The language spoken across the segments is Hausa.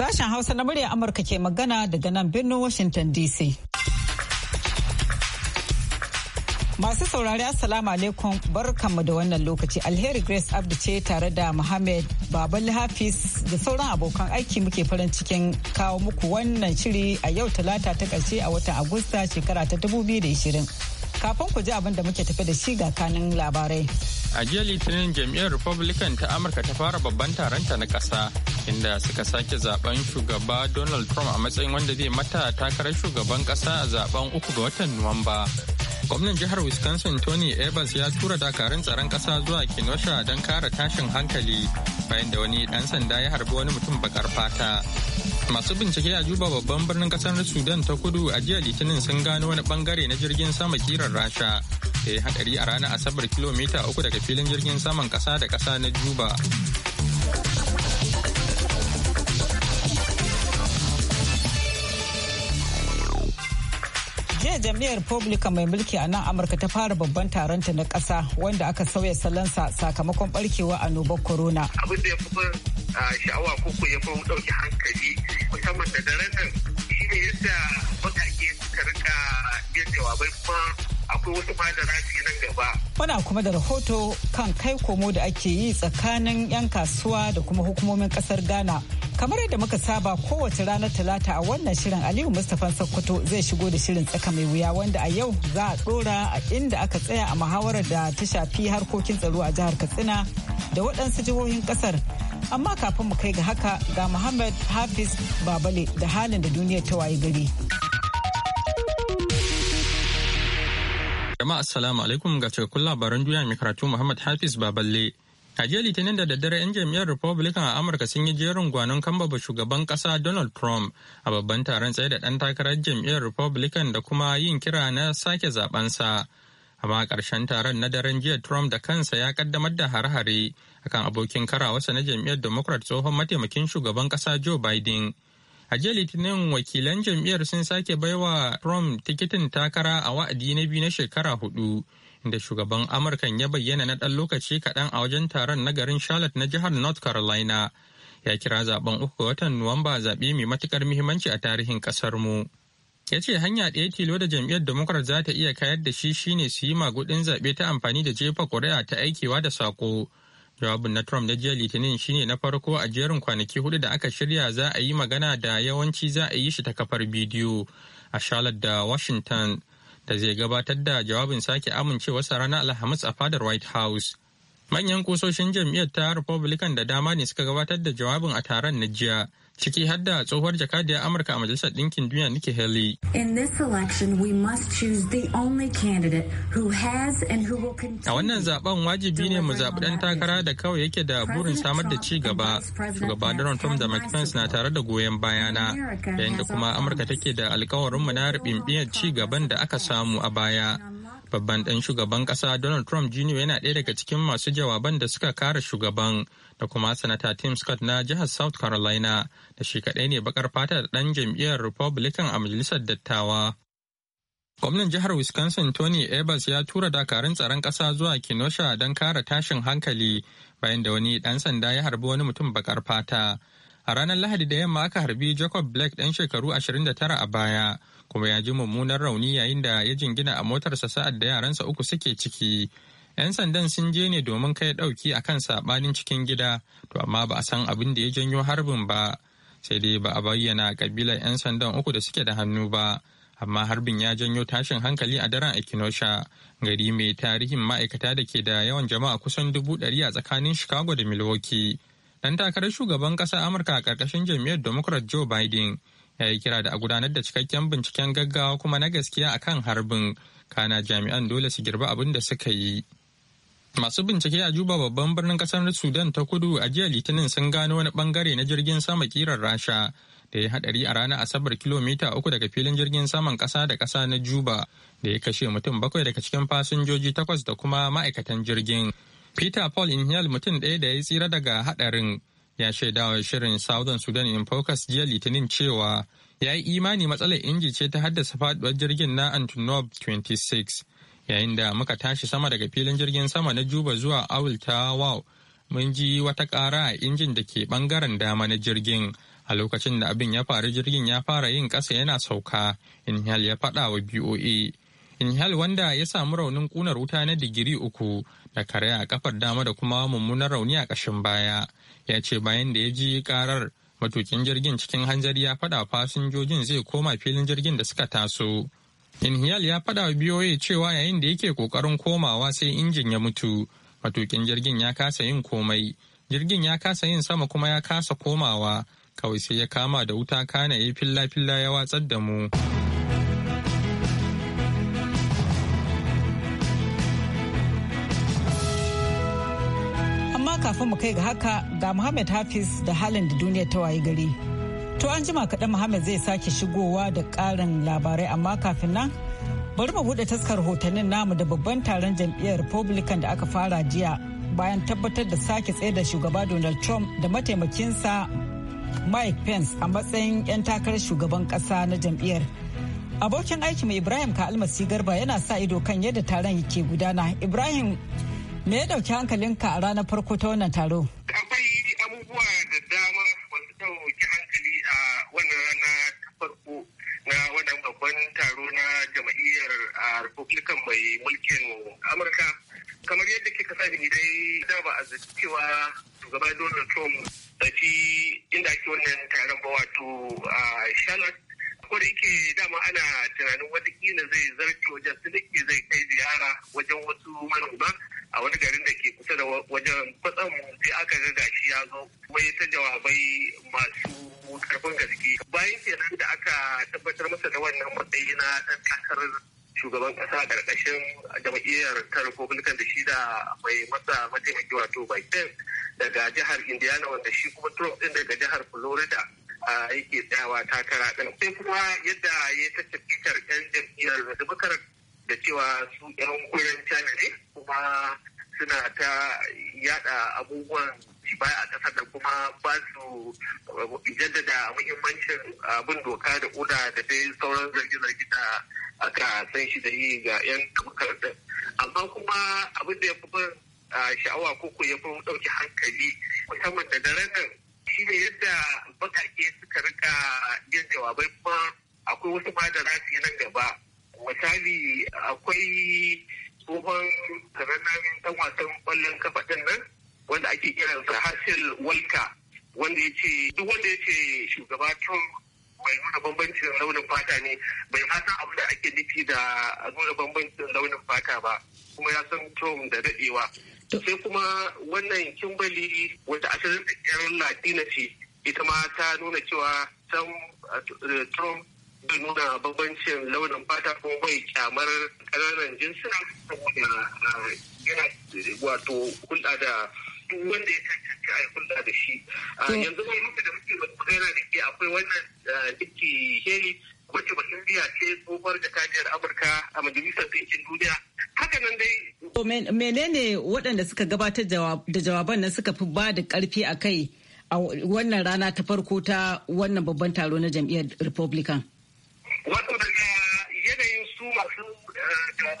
Sashen Hausa na murya Amurka ke magana daga nan birnin Washington DC. Masu saurari Assalamu alaikum barkanmu da wannan lokaci alheri Grace Abdu ce tare da Muhammad Babal Hafiz da sauran abokan aiki muke farin cikin kawo muku wannan shiri a yau talata ta ƙarshe a watan Agusta shekara ta 2020. Kafin ku ji abin da muke tafi da shi ga kanin labarai. A jiya Litinin jam'iyyar Republican ta Amurka ta fara babban taronta na ƙasa inda suka sake zaben shugaba Donald Trump a matsayin wanda zai mata takarar shugaban ƙasa a zaben uku ga watan Nuwamba. Gwamnan jihar Wisconsin Tony Evans ya tura dakarun tsaron ƙasa zuwa Kenosha don kare tashin hankali bayan da wani ɗan sanda ya harbi wani mutum bakar fata. masu bincike a juba babban birnin kasar sudan ta kudu a jiya litinin sun gano wani bangare na jirgin sama kiran rasha da ya hadari a ranar asabar kilomita uku daga filin jirgin saman kasa da kasa na juba jam'iyyar republican mai mulki a nan amurka ta fara babban taronta na ƙasa wanda aka sauya salansa sakamakon barkewa annobar corona abin da ya fi sha'awa ko ya fi ɗauki hankali musamman da daren shi ne yadda mutane suka rika yin jawabai kuma akwai wasu ma da nan gaba. Muna kuma da rahoto kan kai komo da ake yi tsakanin 'yan kasuwa da kuma hukumomin kasar Ghana. Kamar yadda muka saba kowace ranar Talata a wannan shirin Aliyu Mustapha Sokoto zai shigo da shirin tsaka mai wuya wanda a yau za a tsora a inda aka tsaya a muhawarar da ta shafi harkokin tsaro a jihar Katsina da waɗansu jihohin ƙasar. Amma kafin mu kai ga haka ga Muhammad Hafiz Babale da halin da duniyar ta waye gari. Jama'a assalamu alaikum ga cikakkun labaran duniya mai karatu Muhammad Hafiz Baballe. A jiya Litinin da daddare 'yan jam'iyyar Republican a Amurka sun yi jerin gwanon kambaba shugaban kasa Donald Trump a babban taron tsaye da ɗan takarar jam'iyyar Republican da kuma yin kira na sake zabansa. Amma ƙarshen taron na daren jiya Trump da kansa ya kaddamar da hare-hare akan abokin karawarsa na jam'iyyar Democrat tsohon mataimakin shugaban ƙasa Joe Biden. A jiya Litinin wakilan jam'iyyar sun sake baiwa Trump tikitin takara a wa'adi na biyu na shekara hudu, da shugaban Amurkan ya bayyana na ɗan lokaci kaɗan a wajen taron na garin Charlotte na jihar North Carolina. Ya kira zaben uku ga watan Nuwamba zaɓe mai matuƙar muhimmanci a tarihin ƙasar mu. Ya ce hanya ɗaya tilo da jam'iyyar Democrat za ta iya kayar da shi shine su yi magudin zaɓe ta amfani da jefa ƙuri'a ta aikewa da saƙo. Jawabin na Trump na jiya Litinin shine na farko a jerin kwanaki hudu da aka shirya za a yi magana da yawanci za a yi shi ta kafar bidiyo a Charlotte da Washington da zai gabatar da jawabin sake amincewarsa ranar Alhamis a fadar White House. Manyan kusoshin jam'iyyar ta Republican da dama ne suka gabatar da jawabin a taron na jiya ciki har da tsohuwar jakadiya Amurka a Majalisar Ɗinkin Duniya Nikki Haley. A wannan zaben wajibi ne mu zaɓi ɗan takara da kawai yake da burin samar da ci gaba. Shugaba Donald Trump da Mike Pence na tare da goyon bayana yayin da kuma Amurka take da alkawarin mu na riɓiɓiyar ci gaban da aka samu a baya. babban ɗan shugaban ƙasa donald trump jr yana ɗaya daga cikin masu jawaban da suka kare shugaban da kuma sanata tim scott na jihar south carolina da shi kaɗai ne bakar fata da ɗan jam'iyyar republican a majalisar dattawa gwamnan jihar wisconsin tony evers ya tura dakarun tsaron ƙasa zuwa kenosha don kare tashin hankali bayan da wani ɗan sanda ya harbi wani mutum bakar fata a ranar lahadi da yamma aka harbi jacob blake ɗan shekaru 29 a baya kuma ya ji mummunar rauni yayin da ya jingina a motarsa sa'ad da yaransa uku suke ciki 'yan sandan sun je ne domin kai ɗauki a kan saɓanin cikin gida to amma ba a san abin da ya janyo harbin ba sai dai ba a bayyana kabilar 'yan sandan uku da suke da hannu ba amma harbin ya janyo tashin hankali a daren Akinosha gari mai tarihin ma'aikata da ke da yawan jama'a kusan dubu ɗari a tsakanin Chicago da Milwaukee. Dan takarar shugaban ƙasa Amurka a ƙarƙashin jam'iyyar Democrat Joe Biden ya yi kira da a gudanar da cikakken binciken gaggawa kuma na gaskiya a kan harbin kana jami'an dole su girba abin da suka yi masu bincike a juba babban birnin kasar sudan ta kudu a jiya litinin sun gano wani bangare na jirgin sama kiran rasha da ya hadari a ranar asabar kilomita uku daga filin jirgin saman kasa da kasa na juba da ya kashe mutum bakwai daga cikin fasinjoji takwas da kuma ma'aikatan jirgin peter paul inhale mutum ɗaya da ya tsira daga hadarin ya shaidawa shirin Southern Sudan in Focus jiya Litinin cewa ya yi imani matsalar inji ce ta haddasa faduwar jirgin na Antonov 26 yayin da muka tashi sama daga filin jirgin sama na Juba zuwa Awul ta Wow mun ji wata kara a injin da ke bangaren dama na jirgin a lokacin da abin ya faru jirgin ya fara yin ƙasa yana sauka inhal ya faɗa wa BOA e. inhal wanda ya samu raunin kunar wuta na digiri uku da kare a kafar dama da kuma mummunar rauni a kashin baya ya ce bayan da ya ji karar matukin jirgin cikin hanzari ya fada fasinjojin zai koma filin jirgin da suka taso inhal ya faɗa biyoye cewa yayin da yake ƙoƙarin komawa sai injin ya mutu matukin jirgin ya kasa yin komai jirgin ya kasa yin sama kuma ya kasa komawa kawai sai ya kama da wuta kana ya filla-filla ya watsar da mu. kafin mu kai ga haka ga Muhammad Hafiz da halin da duniya ta wayi gari. To an jima kaɗan Muhammad zai sake shigowa da ƙarin labarai amma kafin nan bari mu buɗe taskar hotonin namu da babban taron jam'iyyar Republican da aka fara jiya bayan tabbatar da sake tsaye da shugaba Donald Trump da mataimakinsa Mike Pence a matsayin 'yan takarar shugaban ƙasa na jam'iyyar. Abokin aiki mai Ibrahim Ka'almasi Garba yana sa ido kan yadda taron yake gudana. Ibrahim Me ya dauki hankalinka a ranar farko ta wannan taro? Akwai abubuwa da dama wanda ta dauki hankali a wannan rana ta farko na wannan babban taro na a Republican mai mulkin Amurka. Kamar yadda kika sani dai da ba a zaci cewa shugaba Donald Trump shi inda ake wannan taron ba wato a Charlotte ko da yake dama ana tunanin watakila zai zarce wajen aka ga gashi ya zo kuma ya ta jawabai masu karfin gaske bayan kenan da aka tabbatar masa da wannan matsayi na ɗan takarar shugaban kasa a karkashin jam'iyyar ta republican da shi da mai masa mataimaki wato biden daga jihar indiana wanda shi kuma trump din daga jihar florida yake tsayawa takara ɗin sai kuma yadda ya ta tafitar yan jam'iyyar da cewa su yan kuren china ne kuma suna ta yada abubuwan baya a kasar. da kuma ba su eh, jaddada muhimmancin abin ah, doka da uda da dai sauran zarge-zarge da aka san shi da yi ga 'yan makarantar amma kuma abin da ya fi ban ah, sha'awa ko ya fi ɗauki hankali musamman da daren nan shi ne yadda bakake suka rika yin jawabai kuma akwai wasu ma da nan gaba misali akwai tsohon karanarin dan wasan kwallon kafa din nan wanda ake kiransa Hasil Walka wanda ya ce duk wanda ya ce shugaba tun bai nuna bambancin launin fata ne bai fata abu da ake nufi da nuna bambancin launin fata ba kuma ya san tom da dadewa sai kuma wannan kimbali wata asalin da yar latina ce ita ma ta nuna cewa san Trump uh, nuna bambancin launin fata ko bai kyamar ƙananan jinsuna saboda ah, yana wato hulɗa da duk wanda ya cancanci a hulɗa da shi ah, yanzu mai muka da muke mutu yana da ke akwai wannan dikki ah, heli wacce ba indiya ce tsohuwar jakadiyar amurka a majalisar ɗinkin duniya haka nan dai menene waɗanda suka gabatar da jawaban nan suka fi ba da ƙarfi a kai a wannan rana ta farko ta wannan babban taro na jam'iyyar republican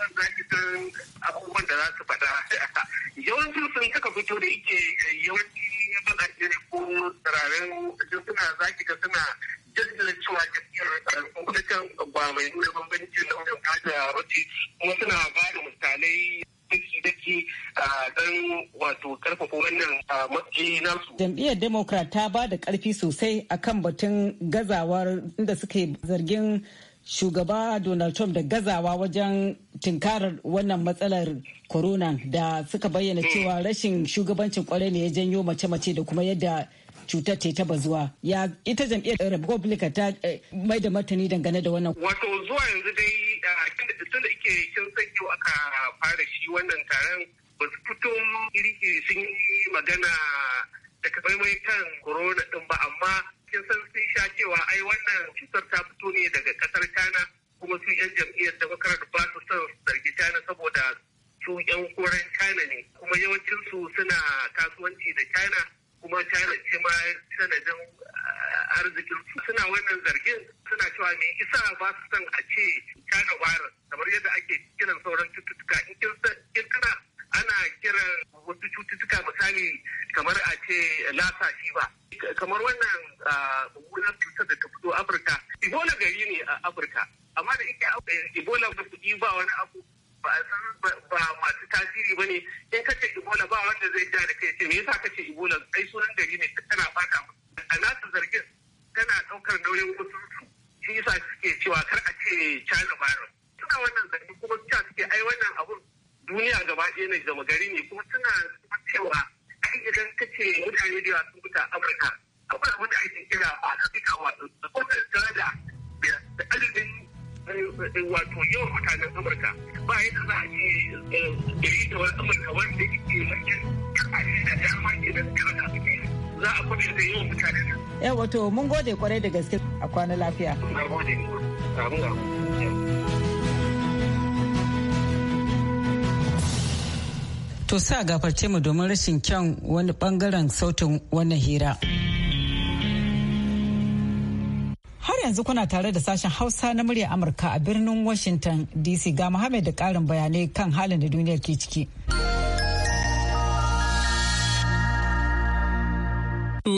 yawan zaki abubuwan da za su faɗa yawancin sun suka fito da yake eh, yawanci baƙaƙe ne ko tsirarin suna zaki ga suna jaddada cewa jam'iyyar gwamnatin ba mai nuna bambanci na wajen kada kuma suna ba da misalai daki-daki ah, don wannan ah, matsayi nasu. Jam'iyyar Democrat ta ba da karfi sosai akan batun gazawar inda suke zargin shugaba Donald Trump da gazawa wajen tinkarar wannan matsalar corona da suka bayyana hmm. cewa rashin shugabancin kwarai ne ya janyo mace-mace da kuma yadda cutar ce ta bazuwa. Ya ita jam'iyyar Republican ta eh, mai da martani dangane da wannan. Wato zuwa yanzu dai tun da ike kin sanyo aka fara shi wannan taron ba su fito iri sun yi magana takamaimai kan corona din ba amma kin san sun sha cewa ai wannan cutar ta fito ne daga kasar China kuma su yan jam'iyyar Democrat ba su son zargi China saboda su yan koren China ne kuma yawancin su suna kasuwanci da China kuma China ce ma sanadin ah, arzikin su suna wannan zargin suna cewa me isa ba su son a ce China virus kamar yadda ake kiran sauran cututtuka in kin kana ana kiran wasu cututtuka misali kamar a ce lasa shi ba kamar wannan mummunan cutar da ta fito afirka ibola gari ne a afirka amma da ike ibola eh, ba su ba wani abu ba san ba masu tasiri ba ne in kace ibola ba wanda zai ja da kai ce me yasa kace ibola ai sunan gari ne kana baka wato mun gode kwarai da gaske a kwana lafiya. To sa gafarce mu domin rashin kyan wani bangaren sautin wannan hira. Har yanzu kuna tare da sashen Hausa na murya Amurka a birnin Washington DC ga Muhammad da ƙarin bayanai kan halin da duniyar ke ciki.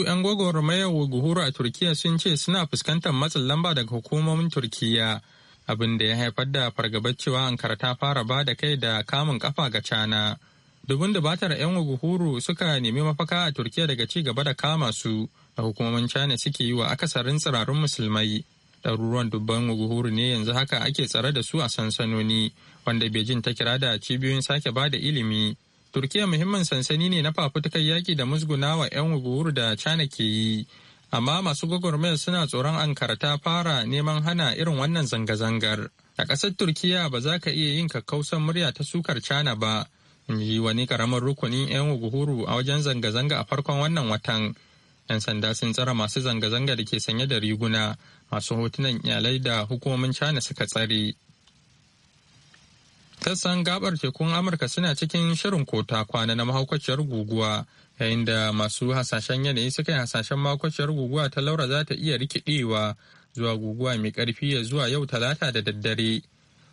'yan gwagwarmayar guhuru a turkiya sun ce suna fuskantar matsin lamba daga hukumomin turkiya abin da ya haifar da fargabar cewa ankara ta fara ba da kai da kamun kafa ga cana dubin da batar 'yan guhuru suka nemi mafaka a turkiya daga ci gaba da kama su da hukumomin cana suke yi wa akasarin tsirarun musulmai ɗaruruwan dubban guhuru ne yanzu haka ake tsare da su a sansanoni wanda beijing ta kira da cibiyoyin sake ba da ilimi turkiya muhimmin sansani ne na fafutukar yaƙi da musgunawa 'yan uguwar da china ke yi amma masu gwagwarmayar suna tsoron ankara ta fara neman hana irin wannan zanga-zangar a ƙasar turkiya ba za ka iya yin kakkausan murya ta sukar china ba in ji wani ƙaramin rukunin 'yan uguhuru a wajen zanga-zanga a farkon wannan watan 'yan sanda sun tsara masu zanga-zanga da ke sanye da riguna masu hotunan iyalai da hukumomin china suka tsare sassan gabar tekun amurka suna cikin shirin kota kwana na mahaukaciyar guguwa yayin da masu hasashen yanayi suka yi hasashen mahaukaciyar guguwa ta laura za ta iya rikidewa zuwa guguwa mai karfi ya zuwa yau talata da daddare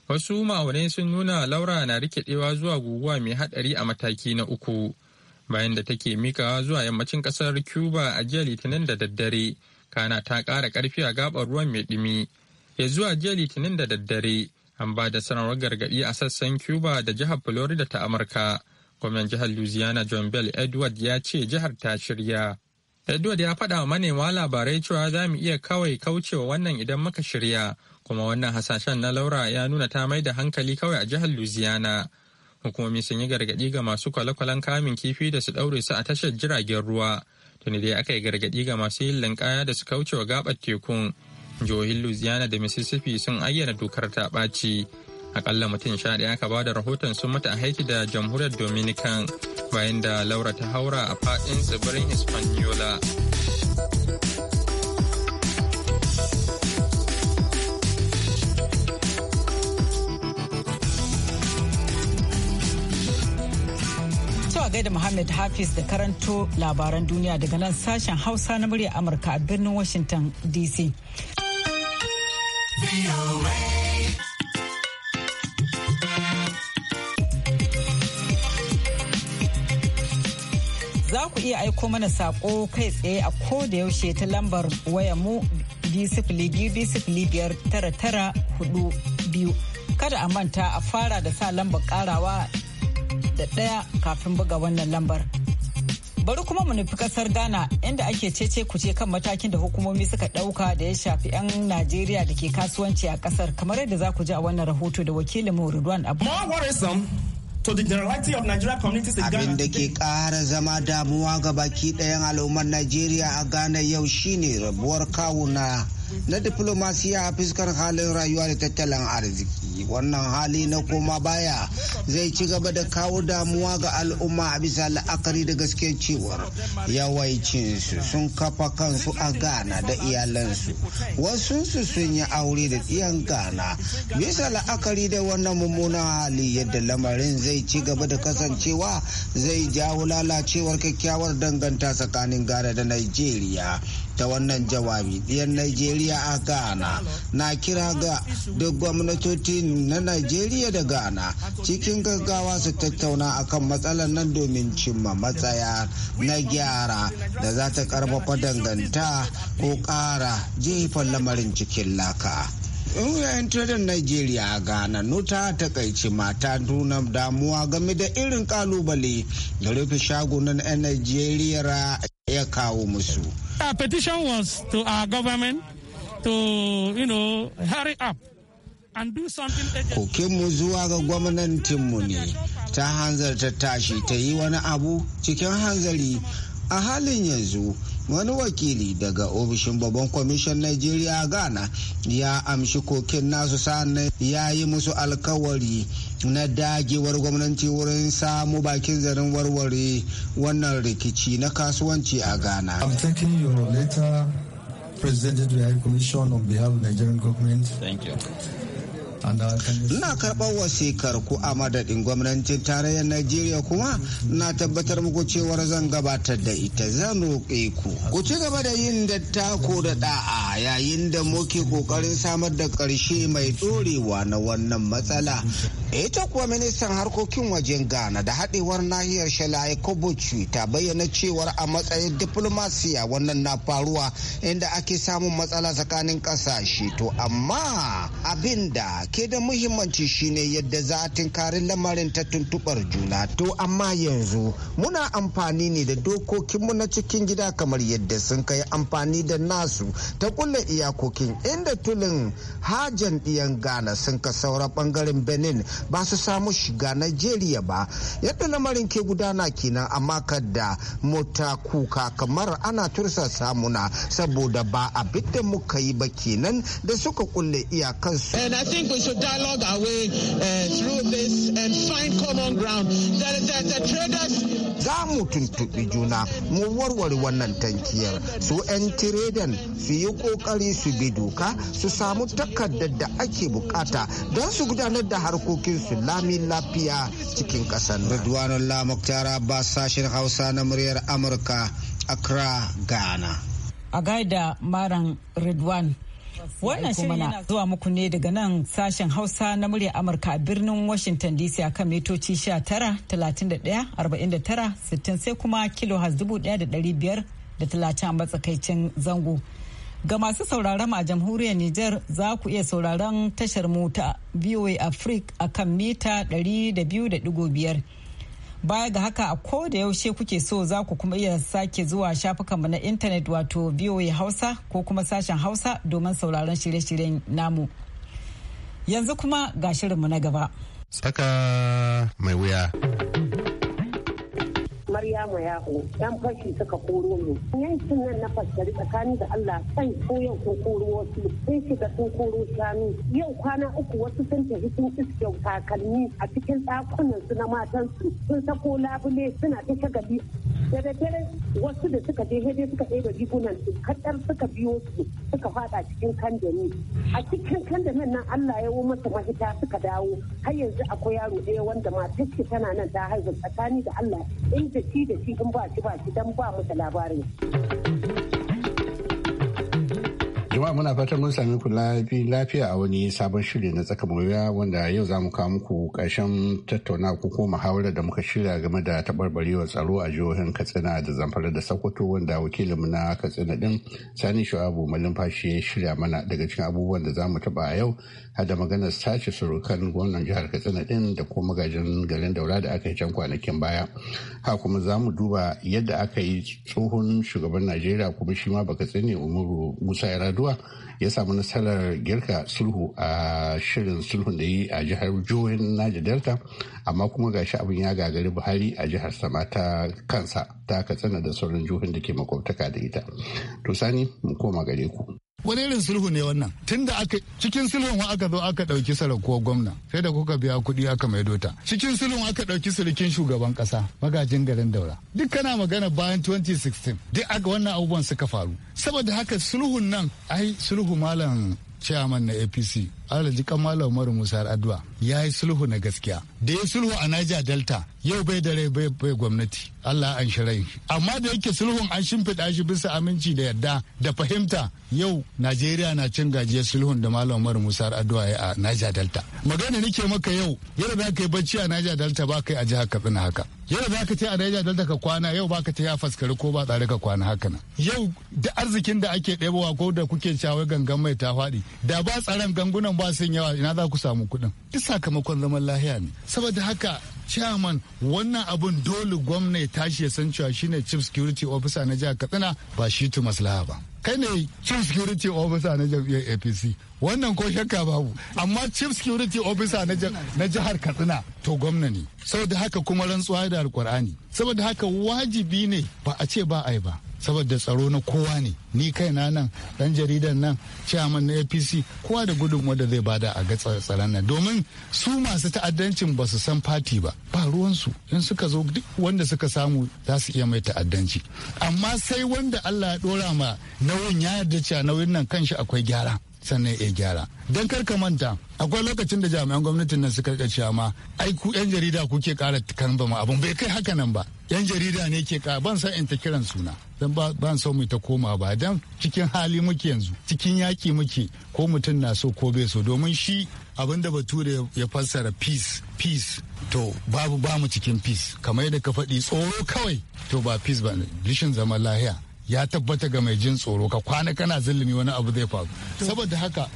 wasu ma'aunai sun nuna laura na rikidewa zuwa guguwa mai hadari a mataki na uku bayan da take mikawa zuwa yammacin kasar cuba a jiya litinin da daddare kana ta kara karfi a gabar ruwan mai dumi ya zuwa jiya litinin da daddare an ba da sanarwar gargaɗi a sassan cuba da jihar florida ta amurka gwamnan jihar louisiana john bell edward ya ce jihar ta shirya edward ya faɗa manema labarai cewa za mu iya kawai kaucewa wannan idan muka shirya kuma wannan hasashen na laura ya nuna ta mai da hankali kawai a jihar louisiana hukumomi sun yi gargaɗi ga masu kwale-kwalen kamun kifi da su ɗaure su a tashar jiragen ruwa tuni dai aka yi gargaɗi ga masu yin linkaya da su kaucewa gaɓar tekun jihohin louisiana da mississippi sun ayyana dokar ta ɓaci akalla mutum sha ɗaya aka bada rahoton sun mata a haiti da jamhuriyar dominican bayan da laura ta haura a faɗin tsibirin hispaniola gaida Muhammad Hafiz da karanto labaran duniya daga nan sashen Hausa na murya Amurka a birnin Washington DC. Za ku iya aiko mana saƙo kai tsaye a ko da yaushe ta lambar waya mu biyu Kada a manta a fara da sa lambar karawa da ɗaya kafin buga wannan lambar. bari kuma mu nufi kasar ghana inda ake cece kuce kan matakin da hukumomi suka dauka da ya shafi 'yan najeriya da ke kasuwanci a kasar kamar yadda za ku ji a wannan rahoto da wakilin mu ridwan Abin da ke ƙara zama damuwa ga baki ɗayan al'ummar Najeriya a Ghana yau shine rabuwar kawuna na diplomasiya a fuskar halin rayuwa da tattalin arziki wannan hali na koma baya zai ci gaba da kawo damuwa ga al'umma a bisa la'akari da gaske cewar yawancinsu sun kafa kansu a ghana da iyalansu wasu su sun yi aure da tsiyan ghana bisa la'akari da wannan mummunan hali yadda lamarin zai ci gaba da kasancewa zai jawo lalacewar kyakkyawar danganta tsakanin ghana da nigeria ta wannan jawabi diyar najeriya a ghana na kira ga duk gwamnatoci na najeriya da ghana cikin gaggawa su tattauna akan matsalar nan domin cimma matsaya na gyara da za ta karfafa danganta ko kara jefa lamarin cikin laka yayin da Najeriya a Ghana nuta takaici mata nuna damuwa game da irin kalubale da rufe shagunan 'yan Najeriya ya kawo musu. Our uh, petition was to our government to, you know, hurry up Kokinmu zuwa ga mu ne ta hanzarta tashi ta yi wani abu cikin hanzari a halin yanzu wani wakili daga ofishin babban kwamishin nigeria ghana ya amshi kokin nasu sa'annan ya yi musu alkawari na dagewar gwamnati wurin samu bakin zarin warware wannan rikici na kasuwanci a ghana President of the High Commission on behalf of the Nigerian government. Thank you. na karɓar wasikar ku a madadin gwamnatin tarayyar Najeriya kuma na tabbatar muku cewar zan gabatar da ita zan roƙe ku. Ku ci gaba da yin da tako da da'a yayin da muke ƙoƙarin samar da ƙarshe mai ɗorewa na wannan matsala ita kuwa ministan harkokin wajen ghana da haɗewar nahiyar shalaye kobochi ta bayyana cewar a matsayin diplomasiya wannan na faruwa inda ake samun matsala tsakanin ƙasashe to amma abin da ke da muhimmanci shine yadda za a tinkarin lamarin ta tuntubar juna to amma yanzu muna amfani ne da dokokinmu na cikin gida kamar yadda sun kai amfani da nasu ta kulle iyakokin inda tulin hajan ɗiyan ghana sun ka saura ɓangaren benin ba su samu shiga Najeriya ba yadda lamarin ke gudana kenan amma kada mota kuka kamar ana tursa samuna saboda ba abin da muka yi ba kenan da suka kulle iyakansu. And I think we should dialogue our way uh, through this and find common ground. The, the, the traders za mu tuntuɓi juna mu warware wannan tankiyar su 'yan tiredan su yi ƙoƙari su bi doka su samu takardar da ake bukata don su gudanar da harkokin su lami lafiya cikin ƙasan Lamuk tara ba sashen Hausa na muryar Amurka, Accra, Ghana. A gaida Maran Ridwan. Wannan shirin yana zuwa muku ne daga nan sashen Hausa na murya Amurka a birnin Washington DC akan mitoci 19-31-49-60 sai kuma kilo da talatin a matsakaicin zango. Ga masu sauraron mu a jamhuriyar Nijar za ku iya sauraron tashar mu ta VOA Africa kan mita 200.5. Baya ga haka a ko da yaushe kuke so za ku kuma iya sake zuwa shafukanmu na intanet wato VOA Hausa ko kuma sashen Hausa domin sauraron shirye-shiryen namu. Yanzu kuma ga shirinmu na gaba. Tsaka mai wuya. maryamu ko yan fashi suka koro mu yankin nan na fassari tsakani da allah sai ko yau ko koro wasu sun shiga sun koro shanu yau kwana uku wasu sun tafi sun iske takalmi a cikin dakunan su na su sun sako labule suna ta shagali da dare wasu da suka je hede suka ɗebe rigunan su kaɗar suka biyo su suka faɗa cikin kandami a cikin kandamin nan Allah ya wo masa mahita suka dawo har yanzu akwai yaro ɗaya wanda ma ce tana nan ta haihu tsakani da Allah in da shi da shi in ba shi ba shi dan ba mu da labarin. jama'a muna fatan mun sami ku lafiya a wani sabon shiri na tsaka wuya wanda yau za mu kawo muku ƙarshen tattauna ko ko muhawarar da muka shirya game da taɓarɓarewar tsaro a jihohin katsina da zamfara da sokoto wanda wakilinmu na katsina din sani shu'abu malumfashi ya shirya mana daga cikin abubuwan da za mu taɓa a yau har da maganar sace surukan gwamnan jihar katsina ɗin da ko magajin garin daura da aka yi can kwanakin baya ha kuma za mu duba yadda aka yi tsohon shugaban najeriya kuma shi ma baka tsine umaru musa yaradu Cuba ya samu nasarar girka sulhu a shirin sulhun da yi a jihar jihohin Naja Delta amma kuma gashi abin ya gagari Buhari a jihar sama ta kansa ta katsina da sauran jihohin da ke makwabtaka da ita. To sani mu koma gare ku. wani irin sulhu ne wannan tunda aka cikin sulhun wa aka zo aka dauki sarakuwar gwamna sai da kuka biya kuɗi aka mai dota. cikin sulhun aka dauki sulkin shugaban kasa magajin garin daura duk kana magana bayan 2016 duk aka wannan abubuwan suka faru saboda haka sulhun nan ai sulhu malam chairman na apc alhaji kamala umaru musa addu'a ya yi sulhu na gaskiya da ya sulhu a niger delta yau bai da rai bai gwamnati allah an shirai amma da yake sulhun an shimfiɗa shi bisa aminci da yadda da fahimta yau najeriya na cin gajiyar sulhun da malam umar musa addu'a ya a naija delta magana nake maka yau yadda za ka yi bacci a naija delta ba ka yi a jihar katsina haka yadda za ka ce a naija delta ka kwana yau ba ka ce ya faskari ko ba tsare ka kwana haka na yau da arzikin da ake ɗebowa ko da kuke shawar gangan mai ta faɗi da ba tsaron gangunan ba sun yawa ina za ku samu kuɗin duk sakamakon zaman lahiya ne saboda haka chairman wannan abun dole gwamna ya tashi ya san cewa shine chief security officer na jihar katsina ba shi tu maslaha ba kai ne chief security officer na jam'iyyar apc wannan ko shakka babu amma chief security officer na jihar katsina to gwamna ne saboda haka kuma rantsuwa da alkur'ani saboda haka wajibi ne ba a ce ba a yi ba saboda tsaro na kowa ne ni kaina nan dan jaridan nan chairman na apc kowa da gudun wanda zai bada a ga tsaron nan domin su masu ta'addancin ba su san fati ba ba ruwansu in suka zo duk wanda suka samu za su iya mai ta'addanci amma sai wanda allah ya dora ma nauyin ya yarda cewa nauyin nan kan shi akwai gyara sannan ya gyara don ka manta akwai lokacin da jami'an gwamnatin nan suka cewa ma ai ku yan jarida kuke kara mu abun bai kai haka nan ba yan jarida ne ke ka ban san in ta kiran suna dan ban san mu ta koma ba dan cikin hali muke yanzu cikin yaki muke ko mutum na so ko bai so domin shi abin da bature ya fassara peace peace to babu bamu cikin peace kamar yadda ka faɗi tsoro kawai to ba peace ba rishin zaman lahiya ya tabbata ga mai jin tsoro ka kwana kana zulumi wani abu zai faru saboda haka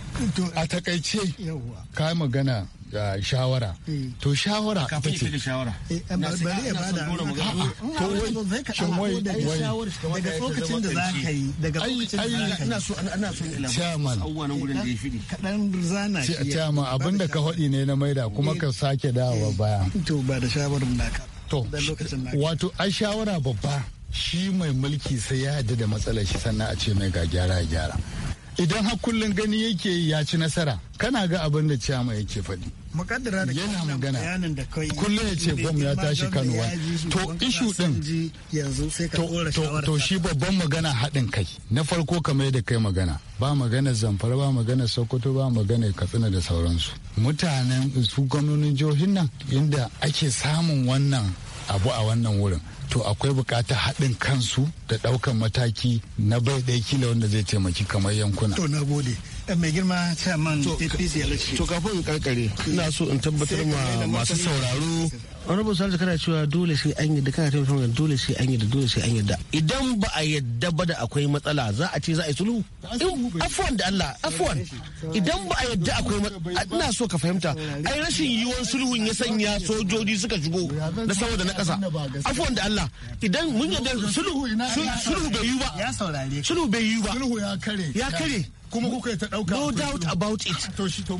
a takaice ka magana shawara eh. to shawara ita ce eh, eh, daga lokacin da za ka yi daga lokacin da ina so ana so chairman kadan zana shi chairman abinda ka hadi ne na maida kuma ka sake dawowa baya to ba da shawarar ka to wato ai shawara babba shi mai mulki sai ya yadda da matsalar shi sannan a ce mai ga gyara gyara idan har kullun gani yake ya ci nasara kana ga abin da ciyama yake faɗi mukaddara da yana magana kullum ya ce bom ya tashi kano to ishu din to shi babban magana haɗin kai na farko mai da kai magana ba magana zamfara ba magana sokoto ba magana katsina da sauransu mutanen su gwamnonin jihohin nan inda ake samun wannan abu a wannan wurin to akwai bukatar haɗin kansu da ɗaukan mataki na bai ɗaya kila wanda zai taimaki kamar yankuna. To na gode. Eh, mai girma chairman apc lace. to kafin karkare ina so in tabbatar ma masu sauraro honorable salisu kana cewa dole sai an yadda kana taimaka mana dole sai an yadda dole sai an yadda idan ba a yadda ba da akwai matsala za a ce za a yi sulhu afuwan da Allah afuwan idan ba a yadda akwai ina so ka fahimta ai rashin yiwuwar sulhun ya sanya sojoji suka shigo na sama da na kasa afuwan da Allah idan mun yadda sulhu sulhu bai yi ba sulhu bai yi ba ya kare ya kare kuma kuka ta dauka no doubt about it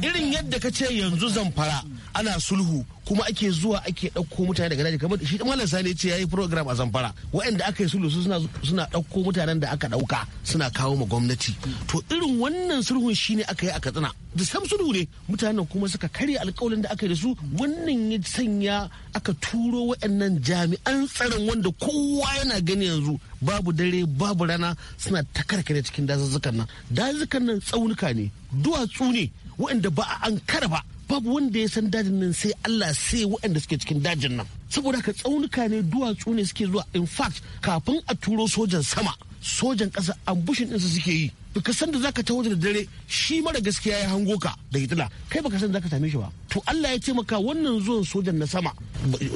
irin yadda ka ce yanzu zamfara ana sulhu kuma ake zuwa ake dauko mutane daga daji kamar shi malam sani ce yayi program a zamfara waɗanda aka yi sulhu suna suna dauko mutanen da aka dauka suna kawo ma gwamnati to irin wannan sulhun shine aka yi a katsina da sam sulhu ne mutanen kuma suka karya alƙawarin da aka yi da su wannan ya sanya aka turo waɗannan jami'an tsaron wanda kowa yana gani yanzu babu dare babu rana suna ta karkare cikin dazuzzukan nan dazuzzukan nan tsaunuka ne duwatsu ne waɗanda ba a ankara ba babu wanda ya san dajin nan sai Allah sai waɗanda suke cikin dajin nan saboda ka tsaunuka ne duwatsu ne suke zuwa in fact kafin a turo sojan sama sojan kasa ambushin ɗinsu suke yi ka san da zaka taho da dare shi mara gaskiya ya hango ka da hitila kai baka san da zaka same shi ba to Allah ya maka wannan zuwan sojan na sama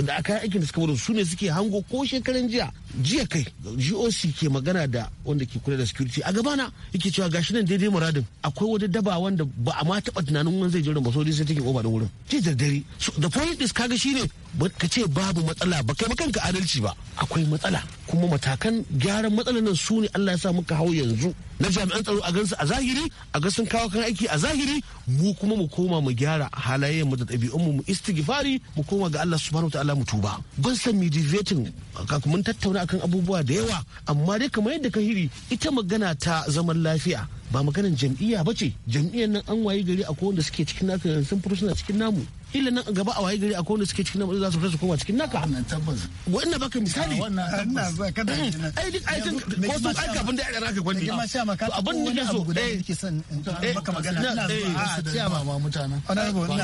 da aka yi aikin da suka wurin su ne suke hango ko shekaran jiya jiya kai GOC ke magana da wanda ke kula da security a gabana yake cewa gashi nan daidai muradin akwai wani daba wanda ba a ma taba tunanin wani zai jira ba sojoji sai take oba da wurin ji da dare da point is kaga shine ka ce babu matsala ba kai kanka adalci ba akwai matsala kuma matakan gyaran matsalan nan su ne Allah ya sa muka hau yanzu na jami'an tsaro a gansu a zahiri a ga sun kawo kan aiki a zahiri mu kuma mu koma mu gyara halayen mu da ɗabi'un mu mu istighfari mu koma ga Allah subhanahu wataala mu tuba ban san medivating kafin mun tattauna akan abubuwa da yawa amma dai kamar yadda ka hiri ita magana ta zaman lafiya ba maganan jam'iyya ba ce jam'iyyar nan an wayi gari a wanda suke cikin naka sun fito suna cikin namu Ila nan gaba a waye gari akwai wanda suke cikin nan za su su koma cikin naka wannan tabbas wannan baka misali wannan tabbas ka da eh, ai duk ai ko ai kafin da ya raka gwani ma sha maka abin da so guda yake eh, son in eh, maka magana ina a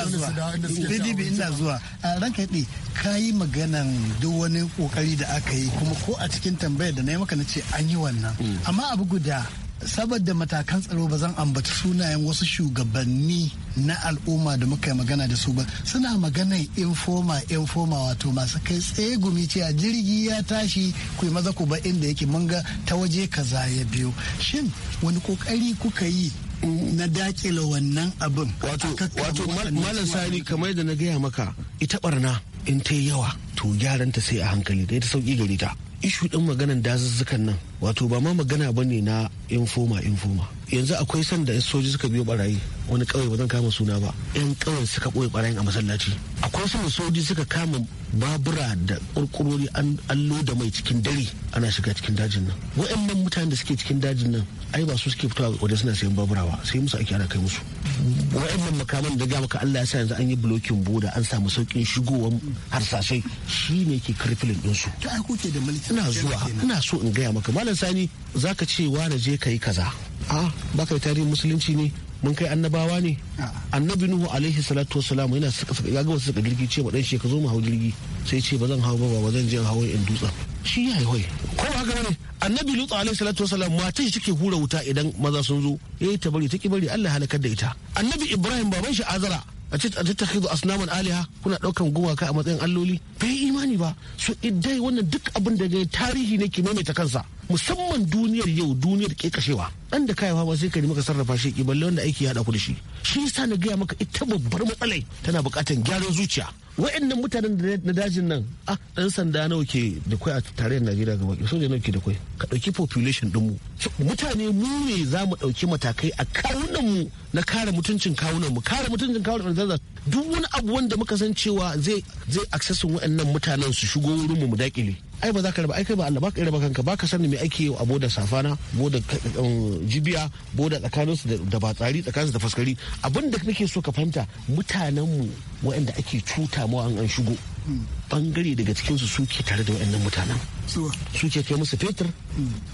zuwa ina zuwa a ranka kayi maganan duk wani kokari da aka yi kuma ko a cikin tambayar da na maka nace an yi wannan hmm. amma abu guda saboda matakan tsaro ba zan ambaci sunayen wasu shugabanni na al'umma da muka yi magana da su ba suna magana informa informa wato masu kai tsegumi a jirgi ya tashi ku maza ku ba inda yake mun ta waje kaza ya biyo shin wani kokari kuka yi na dakila wannan abin wato wato malam sani kamar da na gaya maka ita barna in ta yawa to gyaranta sai a hankali da ita sauki gari ta ishu din maganan dazuzzukan nan wato ba ma magana ba ne na infoma infoma yanzu akwai sanda soji suka biyo barayi wani kawai ba zan kama suna ba yan kawai suka ɓoye barayin a masallaci akwai sanda soji suka kama babura da kurkurori an loda mai cikin dare ana shiga cikin dajin nan wa'annan mutanen da suke cikin dajin nan ai ba su suke fitowa waje suna sayan babura ba sai musu ake ana kai musu wa'annan makaman da gama ka Allah ya sa yanzu an yi blocking boda an samu saukin shigowar harsashai shine ke kirfilin din su ta kuke da mulki ina zuwa ina so in gaya maka malam sani zaka ce wa je kai kaza a ah, baka tarihin musulunci ne mun kai annabawa ne ah. annabi nuhu alaihi salatu wasalam yana suka suka ga wasu suka jirgi ce dan shi ka zo mu hau jirgi sai ce ba zan hau ba ba zan je hau in dutsa shi ya yi ko haka ne annabi lutsa alaihi salatu wasalam mata shi take hura wuta idan maza sun zo eh ta bari ta ki bari Allah halakar da ita annabi ibrahim baban shi azara a ce ta tattakidu asnaman aliha kuna daukan gumaka a matsayin alloli bai imani ba su idai wannan duk abin da tarihi ne ke maimaita kansa musamman duniyar yau duniyar ke kashewa dan da kayawa ba sai ka maka sarrafa shi balle wanda aiki ya haɗa ku da shi shi yasa na gaya maka ita babbar matsalai tana bukatar gyaran zuciya wa'annan mutanen da na dajin nan ah dan sanda nawa ke da kwai a tarayyar Najeriya gaba ki soja nawa ke da kwai ka dauki population din mu mutane mu ne za mu dauki matakai a kawunan mu na kare mutuncin kawunan mu kare mutuncin kawunan mu duk wani abu wanda muka san cewa zai zai aksesin waɗannan mutanen su shigo wurin mu dakile ai ba za ka raba ai kai ba Allah ba ka raba kanka ba ka sani me ake a boda safana boda um, jibiya boda tsakanin su da batsari tsakanin su da faskari abin da nake so ka fahimta mutanen mu waɗanda ake cuta mu an an shigo bangare daga cikinsu suke tare da waɗannan mutanen suke kai musu fetur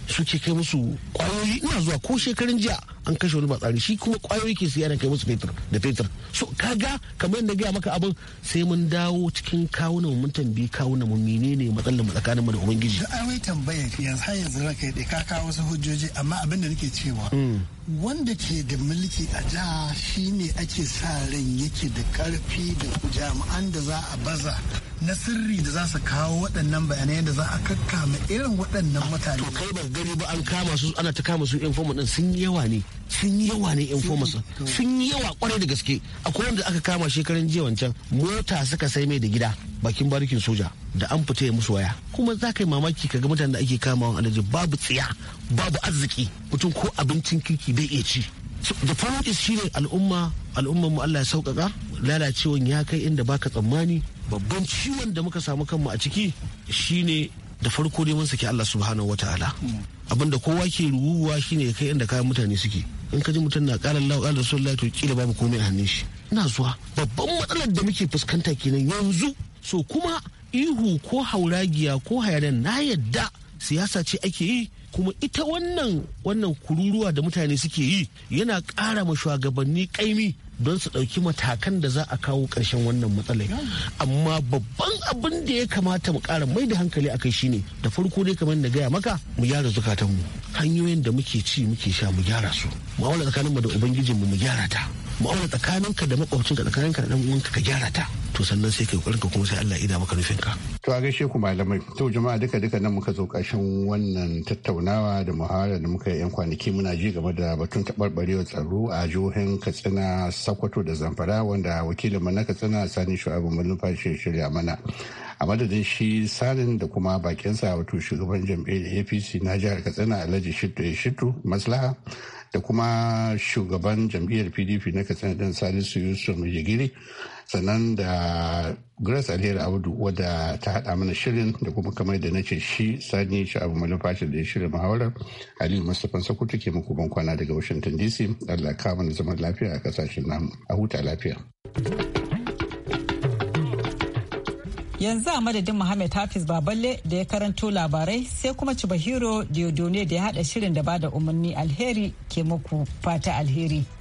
suke kai musu kwayoyi ina zuwa ko shekarun jiya an kashe wani batsari shi kuma kwayoyi ke siya kai musu fetur da fetur so kaga kamar yadda gaya maka abin sai mun dawo cikin mu mun tambayi kawuna mu menene matsalar mu tsakanin mu da ubangiji ai wai tambaya yanzu har yanzu raka ya ka kawo wasu hujjoji amma abin da nake cewa hmm. wanda ke da mulki a jiha shine ake sa ran yake da karfi da jami'an da za a baza na sirri da za su kawo waɗannan bayanai da za a ma irin waɗannan mutane. To kai ba gani ba an kama su ana ta kama su yan foma din sun yi yawa ne sun yi yawa ne yan foma sun yi yawa kwarai da gaske akwai wanda aka kama shekaran jiya wancan mota suka sai mai da gida bakin barikin soja da an fita ya musu waya kuma za ka yi mamaki ka ga mutanen da ake kamawa alaji babu tsiya babu arziki mutum ko abincin kirki bai iya ci da farko shine al'umma al'ummar mu Allah ya sauƙaƙa lalacewan ya kai inda baka tsammani babban ciwon da muka samu kanmu a ciki shine da farko neman mun saki Allah subhanahu ta'ala abinda kowa ke ruwuwa shine kai inda kayan mutane suke in ka ji mutum na ƙarar lawa da rasulullahi to kila babu komai a hannun shi ina zuwa babban matsalar da muke fuskanta kenan yanzu so kuma ihu ko hauragiya ko hayanan na yadda siyasa ce ake yi kuma ita wannan wannan kururuwa da mutane suke yi yana ƙara ma shugabanni kaimi don su ɗauki matakan da za a kawo ƙarshen wannan matsalai amma babban abin da ya kamata mu ƙara mai da hankali a kai shine da farko dai kamar da gaya maka mu gyara zukatanmu hanyoyin da muke ci muke sha mu gyara su mu tsakanin tsakaninmu da ubangijinmu mu gyara ta mu'amala tsakaninka da makwabcinka tsakaninka da dan uwanka ka gyara ta to sannan sai yi ƙoƙarin ka kuma sai Allah ida maka nufin ka to a gaishe ku malamai to jama'a duka duka nan muka zo kashin wannan tattaunawa da muhara da muka yi yan kwanaki muna ji game da batun tabarbarewar tsaro a jihohin Katsina Sokoto da Zamfara wanda wakilin mu na Katsina Sani Shu'abu Malumfashi shirya mana a madadin shi sanin da kuma bakinsa wato shugaban jam'iyyar apc na jihar katsina alhaji shittu ya shittu maslaha da kuma shugaban jam'iyyar pdp na katsina dan salisu yusuf mijigiri sannan da grace aliyar abudu wadda ta hada mana shirin da kuma kamar da na ce shi sani shi sha'abu malufashi da ya shirya muhawarar aliyu mustapha sakutu ke muku ban kwana daga washington dc allah kama zaman lafiya a kasashen namu a huta lafiya. yanzu a madadin Mohammed Hafiz Baballe da ya karanto labarai sai kuma Cibahiro Diodone da ya haɗa shirin da ba da umarni alheri ke muku fata alheri.